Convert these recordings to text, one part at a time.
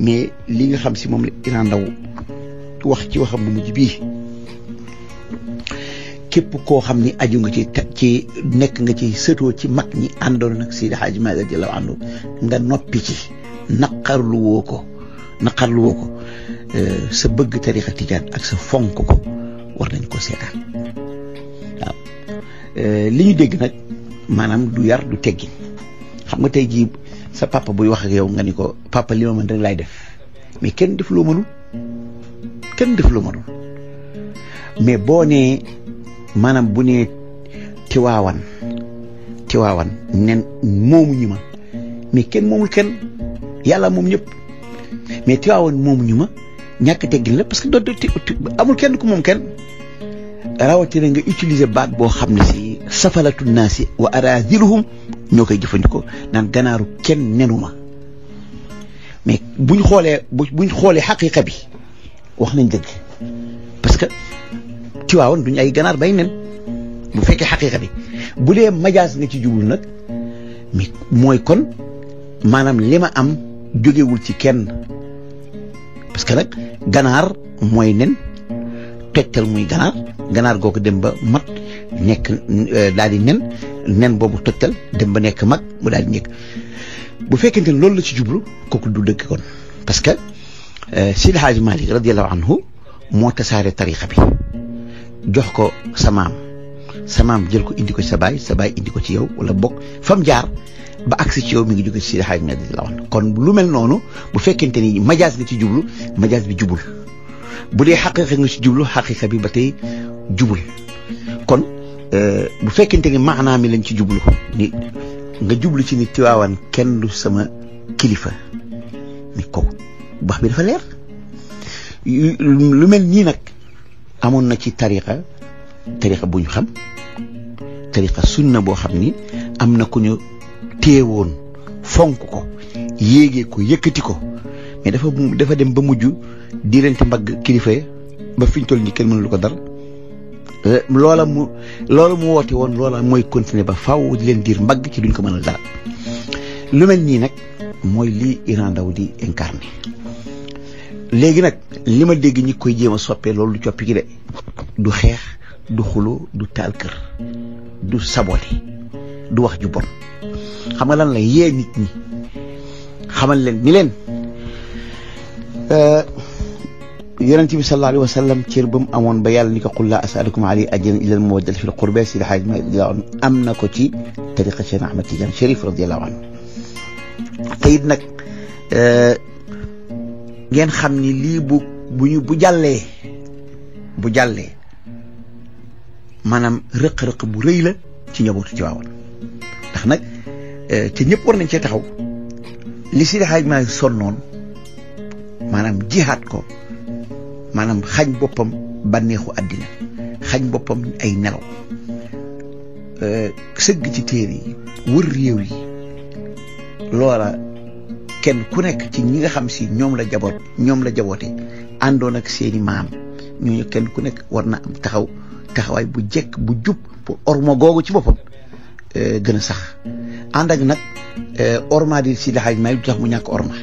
mais li nga xam si moom la Iran Ndao wax ci waxam bu mujj bii képp koo xam ni aju nga ci ci nekk nga ci sëtoo ci mag ñi àndoon nag si Seydi ma Malick radiyallahu anhu nga noppi ci naqarlu woo ko naqarlu woo ko euh, sa bëgg tarixa tijaan ak sa fonk ko war nañ ko seetaan waaw euh, li ñu dégg nag maanaam du yar du teggin xam nga tey sa papa buy wax ak yow nga ni ko papa li ma mën rek laay def mais kenn def loo mënul kenn def loo mënul mais boo nee maanaam bu nee tiwaawan tiwaawan nen moomu ñu ma mais kenn moomul kenn yàlla moom ñëpp mais tiwaawan moomu ñu ma ñàkk teggin la parce que doo amul kenn ku moom kenn rawatina nga utiliser baat boo xam ne si safalatu naasi wa araziluhum ñoo koy jëfandikoo naan ganaaru kenn nenu ma mais buñ xoolee buñ xoolee xaqiqa bi wax nañ dëgg parce que Tiwaawan duñ ay ganaar bay nen bu fekkee xaqiqa bi bu dee majaas nga ci jublu nag mi mooy kon maanaam li ma am jógewul ci kenn parce que nag ganaar mooy nen tegtal muy ganaar ganaar googu dem ba mat nekk eh, daal di nen nen boobu tegtal dem ba nekk mag mu daal di nekk bu fekkente ne loolu la ci jublu kooku du dëgg kon parce que eh, Seydi Hadji Malick radiyallahu anhu moo tasaare tarixa bi jox ko sa maam jël ko indi ko ci sa baay sa baay indi ko ci yow wala bokk fam jaar ba agsi ci yow mi ngi jóge ci Seydi Hadji anhu kon lu mel noonu bu fekkente ni majaas nga ci jublu majaas bi jubul bu dee xaqiqa nga ci jublu xaqiqa bi ba tey jubul kon euh, bu fekkente ni maanaa mi lañ ci jublu ni nga jublu ci ni tiwaawan kenn du sama kilifa ni ko bax bi dafa leer lu mel nii nag amoon na ci tariqa tariqa bu ñu xam tariqa sunna boo xam ni am na ku ñu téewoon fonk ko yéegee ko yëkkati ko mais dafa dafa dem ba mujj diirante mbagg kilifa ba fiñ toll nii kenn mënu lu ko dar loola mu loolu mu woote woon loola mooy continuer ba faw di leen diir mbagg ci duñ ko mënal dara lu mel nii nag mooy lii irandaw di incarné léegi nag li ma dégg ñi koy jéem a soppee loolu du coppi gi de du xeex du xulo du taal kër du sabote du wax ju bon xam nga lan la yee nit ñi xamal leen ni آه، يرنتي صلى الله عليه وسلم كربم امون بيال نيكو قل لا اسالكم علي اجر الا المودل في القربى سي الحاج ما امنا كو تي طريقه شيخ احمد تيجان شريف رضي الله عنه تيد نك ا آه، ген خامني لي بو بو جالي بو جالي مانام رق رق بو ريلا تي نيبوت تي واول داخ نك آه، تي نيب ور نان سي تاخو لي سي الحاج ما سونون maanaam jihaat ko maanaam xañ boppam bànneexu àddina xañ boppam ay nelaw euh, sëgg ci téer yi wër réew yi loola kenn ku nekk ci ñi nga xam si ñoom la jaboot ñoom la jaboote àndoon ak seeni maam ñooñu kenn ku nekk war na am taxaw taxawaay bu jekk bu jub pour orma googu ci boppam euh, gën a sax ànd nag euh, orma di si laxaaj may du tax mu ñàkk orma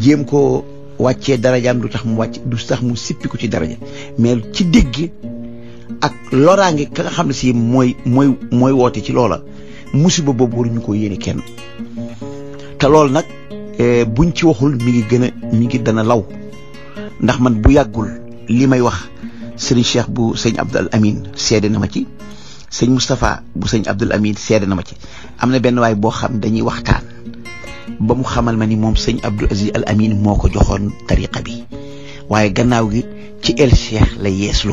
jéem ko wàccee darajaam du tax mu wàcc du tax mu sippi ko ci daraja mais ci dégg ak loraange ka nga xam ne si mooy mooy mooy woote ci loola musiba boobu ñu ko yéene kenn te loolu nag eh, buñ ci waxul mi ngi gën a mi ngi dana law ndax man bu yàggul li may wax sëriñ Cheikh bu sëñ Abdul Amin seede na ma ci sëñ Moustapha bu sëñ Abdul Amin seede na ma ci am na benn waay boo xam dañuy waxtaan ba mu xamal ma ni moom sëñ Abdou Aziz Al Amin moo ko joxoon tariqa bi waaye gannaaw gi ci el cheikh la yeeslu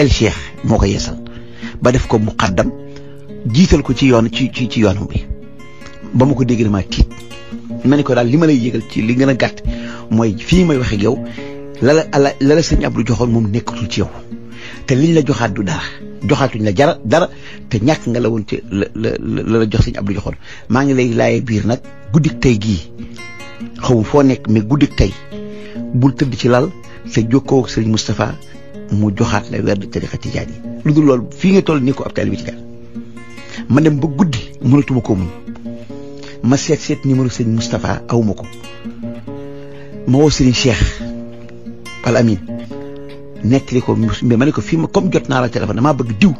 el cheikh moo ko yeesal ba def ko muqaddam jiital ko ci yoon ci ci ci yoonu bi ba ma ko dégg damaa tiit ma ne ko daal li ma lay yëgal ci li gën a gàtt mooy fii may waxe ak yow la la la la sëñ Abdou joxoon moom nekkatul ci yow te liñ la joxaat du dara. joxaatuñ la jara dara te ñàkk nga la woon ci la la la jox sëñ Abdou joxoon maa ngi lay laaye biir nag guddik tey gii xaw foo nekk mais guddik tey bul tëdd ci lal te jokkoo ak sëriñ Moustapha mu joxaat la werd tariqa tijaan yi lu dul loolu fii nga toll nii ko ab taalibe bi ci ma dem ba guddi mënatuma ko muñ ma seet seet numéro seen mustafa awma ko ma woo sëriñ Cheikh Al nettali ko ma ne ko fii ma comme jot naa la téléphone damaa bëgg diw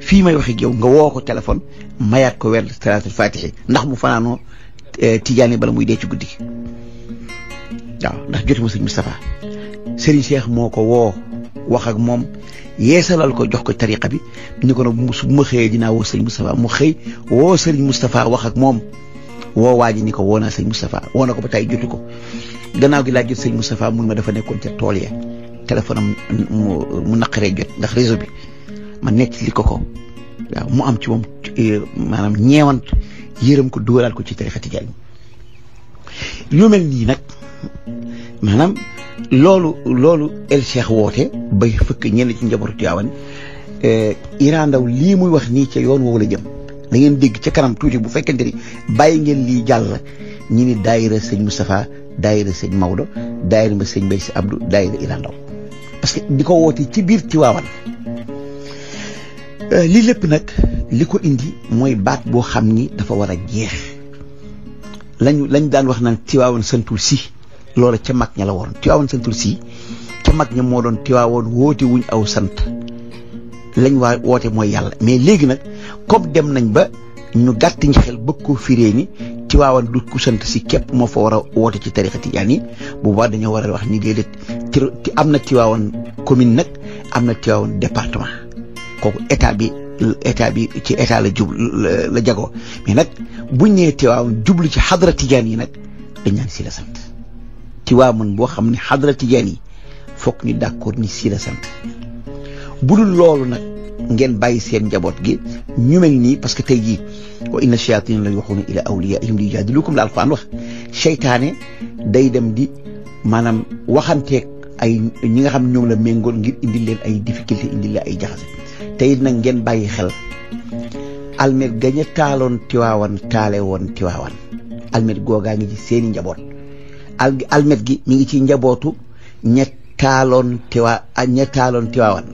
fii may waxi yow nga woo ko téléphone mayaat ko weer salaatul faatihi ndax mu fanaanoo eh, tijaani bala muy dee ci guddi waaw ndax mu sëñ Moustapha Serigne Cheikh moo ko woo wax ak moom yeesalal ko jox ko tariqa bi ni ko nag su ma xëyee dinaa woo sëñ Moustapha mu xëy woo Serigne Moustapha wax ak moom woo waa ji ni ko woo naa sëñ Moustapha woo na ko ba tey jotu ko gannaaw gi laa jot sëñ Moustapha mun ma dafa nekkoon ca tool ya téléphone am mu naqaree jot ndax réseau bi ma nettali ko ko mu am ci moom maanaam ñeewant yërëm ko dugalal ko ci tarixa tijaan yu nii nag maanaam loolu loolu el cheikh woote bay fëkk ñenn ci njabootu Tiwaawan eh, Iran Ndaw lii muy wax nii ca yoon woowu la jëm da ngeen dégg ca kanam tuuti bu fekkente ni bàyyi ngeen lii jàll ñu ni daayira sëñ Moustapha daayira sëñ Maodo daayira ma sëñ Bay si Abdou daayira Iran Ndaw parce que di ko wootee ci biir Tiwaawan euh, lii lépp nag li ko indi mooy baat boo xam ni dafa war a jeex lañu lañ daan wax naan Tiwaawan santul si loolu ca mag ña la waroon Tiwaawan santul si ca mag ña moo doon Tiwaawan woote wuñ aw sant lañ waa woote mooy yàlla mais léegi nag comme dem nañ ba ñu gàttiñ xel bëgg koo firee ni Tiwaawan du ku sant si képp moo fa war a woote ci tarixa tijaan yi bu baax dañoo war a wax ni déedéet ci am na Tivaouane commune nag am na Tivaouane département kooku état bi état bi ci état la jub la jagoo mais nag buñ nee Tivaouane jublu ci xadra tijaan yi nag dañ naan si la sant Tivaouane boo xam ne xadra tijaan yi foog ñu d'accord ni si la sant bu dul loolu nag ngeen bàyyi seen njaboot gi ñu mel nii parce que tey jii wa inna shayatina la yuxuuna ila awliyaihim li yujaadilukum la alquran wax seytaane day dem di maanaam waxanteeg ay ñi nga xam ñoom la méngoon ngir indi ay difficulté indi ay jaxase tey it nag ngeen bàyyi xel almet gaña taaloon tiwaawan taale woon tiwaawan almet googaa ngi ci seeni njaboot al gi mi ngi ci njabootu ña taaloon tiwa ña taaloon tiwaawan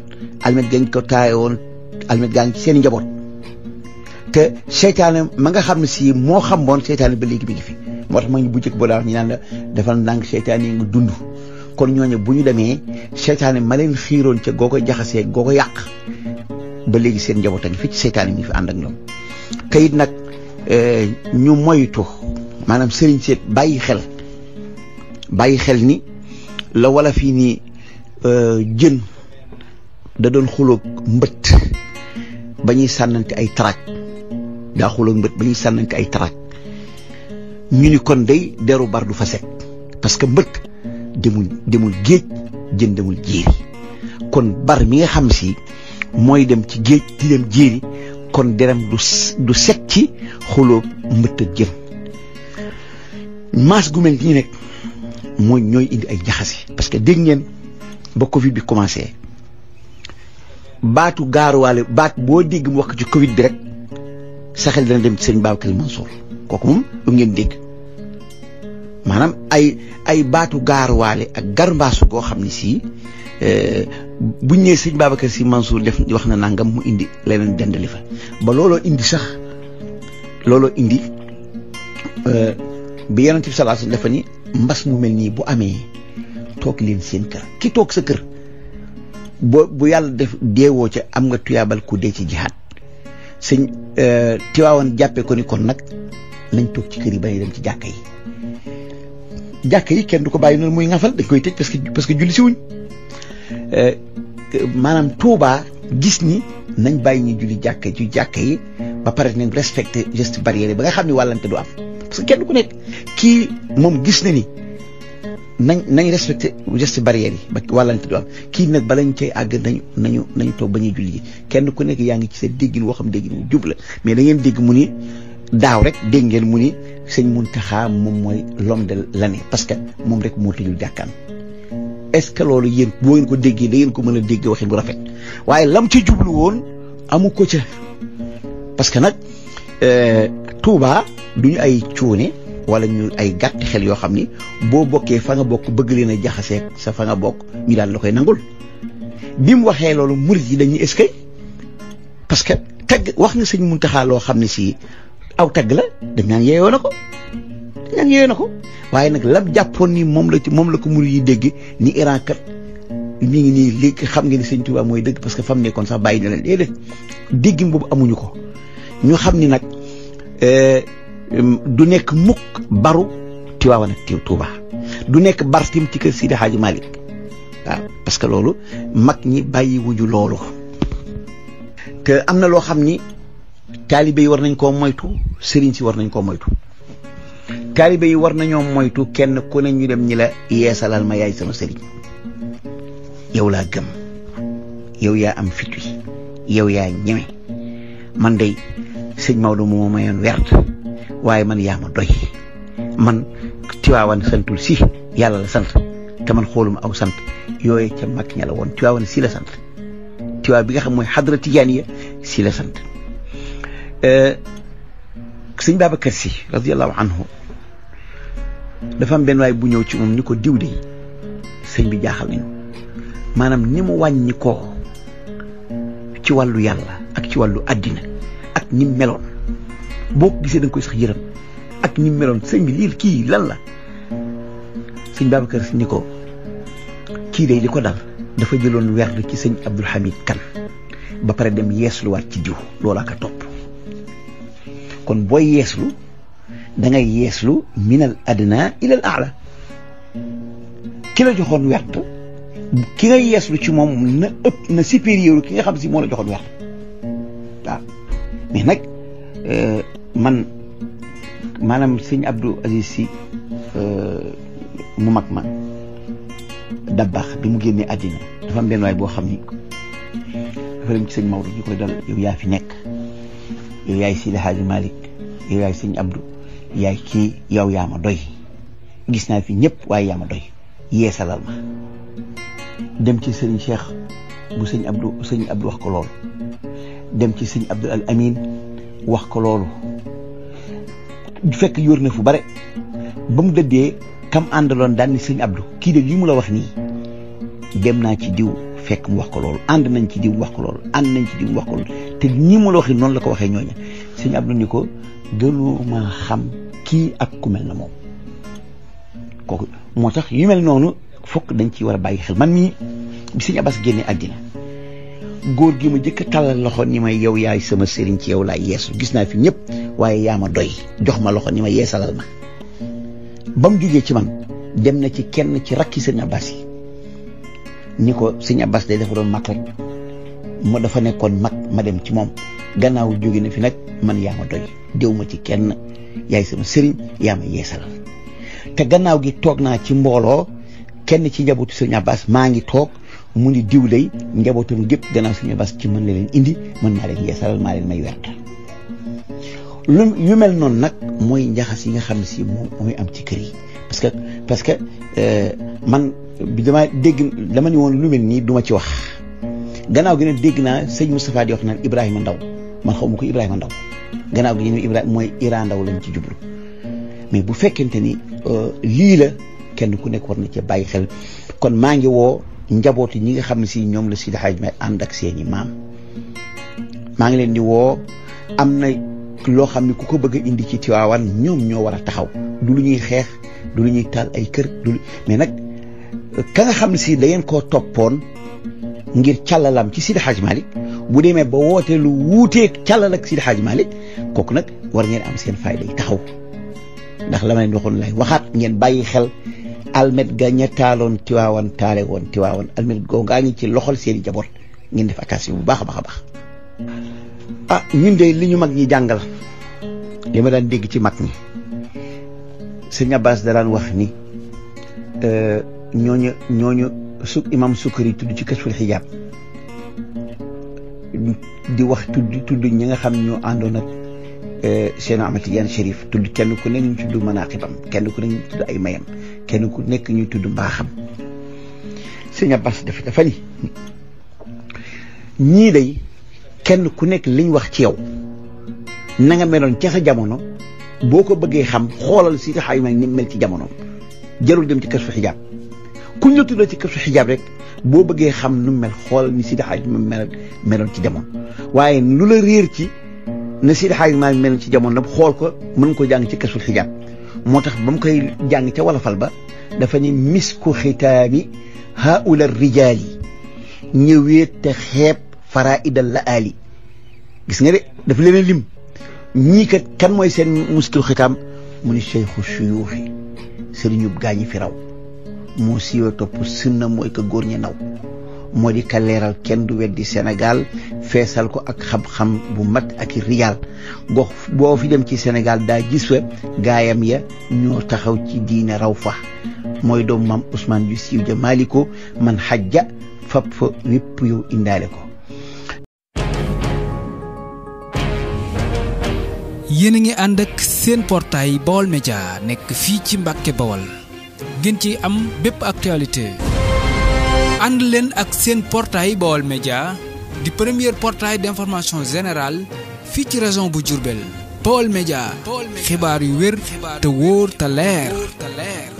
almet ko taale woon almet gaa ngi ci seeni njaboot te seytaane ma nga xam ne si moo xam boon seytaane ba léegi mi ngi fi moo tax ma ngi bu njëkk boo daa wax naan la defal ndànk dund kon ñooñu bu ñu demee seytaane ma leen xiiroon ca goo ko jaxasee goo ko yàq ba léegi seen njaboot a ngi fi ci seytaane ñu fi ànd ak ñoom kayit nag eh, ñu moytu maanaam sëriñ seet bàyyi xel bàyyi xel ni la wala fii nii eh, jën da doon xuloog mbëtt ba ñuy sànnante ay taraaj daa xuloog mbët ba ñuy sànnante ay taraaj ñu ni kon day deru bar du fa set parce que mbët demul demul géej jën demul jéeri kon bar mi nga xam si mooy dem ci géej di dem jéeri kon deram du set ci xuloo mbëtt ak jën maas gu mel nii nag mooy ñooy indi ay jaxase parce que dégg ngeen ba Covid bi commencé baatu gaaruwaale baat boo dégg mu wax ci Covid bi rek sa xel dana dem ci sëñ Babacar Mansour kooku moom du ngeen dégg. maanaam ay ay baatu gaaruwaale ak garmbaasu goo xam ne sii buñ ñëwee sëñ Babacar Sy Mansour def wax na nangam mu indi leneen dendali fa ba looloo indi sax looloo indi euh, bi yonent bi sallallahu alayhi wasallam ni mbas mu mel nii bu amee toog leen seen kër ki toog sa kër boo bu yàlla def deewoo ca am nga tuyaabal ku dee ci jihaat sëñ euh, Tiwaawan jàppee ko ni kon nag lañ toog ci kër yi ba dem ci jàkka yi jàkk yi kenn du ko bàyyi noonu muy ngafal dañ koy tëj parce que parce que julli si wuñ euh, maanaam Touba gis ni nañ bàyyi ñu julli jàkk ci jàkk yi ba pare nañ respecté geste barrière ba nga xam ni wàllante du am parce que kenn ku ne kii moom gis na ni nañ nañ respecté geste barrière yi ba wàllante du am kii nag balañ cay àgg nañu nañu nañu toog ba ñuy julli yi kenn ku nekk yaa ngi ci sa déggin woo xam déggin wu jub mais da ngeen dégg mu ni daaw rek dégg ngeen mu ni sëñ Muntaxa moom mooy l'homme de l'année parce que moom rek moo tëjul jàkkaan est-ce que loolu yéen boo ngeen ko déggee da ngeen ko mën a déggee waxin bu rafet waaye lam ci jublu woon amu ko ca parce que nag euh, Touba du ñu ay cuune wala ñu ay gàtt xel yoo xam ni boo bokkee fa bokk bëgg leen a jaxasee sa fa bokk ñu daal la koy nangul bi waxee loolu murit yi dañuy est-ce que parce que teg wax nga sëñ Muntaxa loo xam ne si aw tagg la dañ naan yeeyoo na ko dañ naan yeeyoo na ko waaye nag lam jàppoon nii moom la ci moom la ko mu yi dégg ni Iran kat mi ngi nii léegi xam ngeen ni Sëñ Tuubaa mooy dëgg parce que fam nekkoon sax bàyyi na leen déedéet déggim boobu amuñu ko ñu xam ni nag euh, du nekk mukk baru Tiwaawan ak tiw Tuubaa du nekk bartim ci kër Sidi Hadji Malick waaw parce que loolu mag ñi bàyyi wuju loolu te am na loo xam ni taalibe war nañ koo moytu sëriñ si war nañ koo moytu taalibe yi war nañoo moytu kenn ku ne ñu dem ñi la yeesalal ma yaay sama sëriñ yow laa gëm yow yaa am fit wi yow yaa ñeme man day sëñ Maodo moo mayoon werd waaye man yaa ma doy man Tiwaawan santul si yàlla la sant te man xooluma aw sant yooye ca mag ña la woon Tiwaawan si la sant Tiwaawan bi nga xam mooy xadra tijaaniya si la sant Euh, sëñ Babacar Si radiallahu anhu dafa am benn waay bu ñëw ci moom ni ko diw de sëñ bi jaaxal nañu maanaam ni mu wàññikoo ci wàllu yàlla ak ci wàllu àddina ak ni meloon boo gisee da nga koy sax yërëm ak ni meloon sëñ bi lii kii lan la sëñ Babacar Si ni ko kii de li ko dal dafa jëloon werd ci sëñ Abdul Hamid Kan ba pare dem yeesluwaat ci diw loolaa ka topp kon boy yeslu da ngay yeeslu minal adna ila al a'la ki la joxon wert ki ngay yeslu ci mom na ëpp na superior ki nga xam ci mo la joxon wert waaw mais nak euh man manam seigne Abdou Aziz si euh mu mag ma dabax bi mu genné adina dafa am ben way bo xamni ni dafa dem ci seigne mawdou ñu koy dal yow ya fi nek yow yaay Sidi Hadji Malick yow yaay sëñ Abdou yaay kii yow yaa ma doy gis naa fi ñëpp waaye yaa ma doy yeesalal ma dem ci sëñ Cheikh bu sëñ Abdou sëñ wax ko loolu dem ci sëñ Abdou Al wax ko loolu fekk yóor na fu bare ba mu dëddee kam àndaloon daan ni sëñ Abdou kii de lii mu la wax nii dem naa ci diw fekk mu wax ko loolu ànd nañ ci diw wax ko ànd nañ wax ko loolu te nii mu la waxee noonu la ko waxee ñooña sëñ Abdou ni ko gënuma xam kii ak ku mel na moom kooku moo tax yu mel noonu fokk dañ ci war a bàyyi xel man mii bi sëñ Abbas àddina góor gi ma jëkk a tàllal loxo ni may yow yaay sama sëriñ ci yow laay yeesu gis naa fi ñëpp waaye yaa ma doy jox ma loxo ni ma yeesalal ma ba mu ci man dem na ci kenn ci rakki sëñ Abbas yi ni ko sëñ Abbas day dafa doon mag rek mu dafa nekkoon mag ma dem ci moom gannaaw jóge na fi nag man yaa ma doy déw ma ci kenn yaay sama sëriñ yaa ma yeesalal te gannaaw gi toog naa ci mbooloo kenn ci njabootu sëriñ Abbas maa ngi toog mu ni diw lay njabootum gépp gannaaw sëriñ Abbas ci mën la leen indi mën naa leen yeesalal maa leen may werta yu mel noonu nag mooy njaxas yi nga xam si moom mooy am ci kër yi parce que parce que euh, man dama dégg dama ni woon lu mel nii duma ci wax gannaaw gi ne dégg naa sëñ Moustapha di wax naan Ibrahima Ndaw man xaw ma ko Ibrahima Ndaw gannaaw gi ñu ne mooy Ira Ndaw lañ ci jublu mais bu fekkente ni euh, lii la kenn ku nekk war na cee bàyyi xel kon maa ngi woo njabooti ñi nga xam ne si ñoom la Sidi Hadj May ànd ak seeni maam maa ngi leen di woo am na loo xam ne ku ko bëgg indi ci Tiwaawan ñoom ñoo war a taxaw du lu ñuy xeex du lu ñuy taal ay kër du lu mais nag ka nga xam ne si da ngeen koo toppoon ngir càllalaam ci Sidi Hadj Malick bu demee ba woote lu wuuteeg càllal ak Sidi Hadj kooku nag war ngeen am seen fayda yi taxaw ndax la ma leen waxaat ngeen bàyyi xel almet ga ña taaloon tiwaawan taale woon tiwaawan almet goo ngaa ngi ci loxol seen i jaboot ngeen def attention bu baax a baax a baax ah ñun de li ñu mag ñi jàngal li ma daan dégg ci mag ñi sëñ Abbas da daan wax ni euh, ñooñu su imam sukri tuddu ci kasul hijab di wax tuddu tuddu ñi nga xam ñoo àndoon ak eh, seen Ahmad yane Chérif tuddu kenn ku nekk ñu tudd manaqibam kenn ku nekk ñu tudd ay mayam kenn ku nekk ñu tuddu mbaaxam seigne Abbas def dafa ni ñi day kenn ku nekk liñ wax ci yow na nga meloon ci sa jamono boko xam xoolal si xayma ni mel ci jamono jarul dem ci hijab كنت تقول لك كيف حجاب لك بو بغي خام نمال خول ني سيد حاج مال مال تي ديمون واي لولا رير تي ني سيد حاج مال مال تي ديمون نب خول كو من كو جان تي حجاب موتاخ بام كاي جان تي ولا فال با مسك ختام هؤلاء الرجال ني تخيب فرائد الليالي غيس نغي دا فلين ليم ني كان موي سين مسك ختام من الشيخ الشيوخي سيرنيو بغاني في moo siiwee topp sunna mooy ko góor ñi naw moo di kaleeral kenn du weddi Sénégal feesal ko ak xam-xam bu mag ak riyaal gox boo fi dem ci senegaal daa gis fa gaayam ya ñoo taxaw ci diine raw fa mooy doom maam Ousmane ju siiw ja maaliko man xajja fab fa wépp yow indaale ko a ngi ànd seen portail Baol Média nekk ci Mbàkke Bawal ngeen ci am bépp actualité ànd leen ak seen portail Baol Média di premier portail d'information générale fii ci région bu Diourbel Baol Média xibaar yu wér te wóor te leer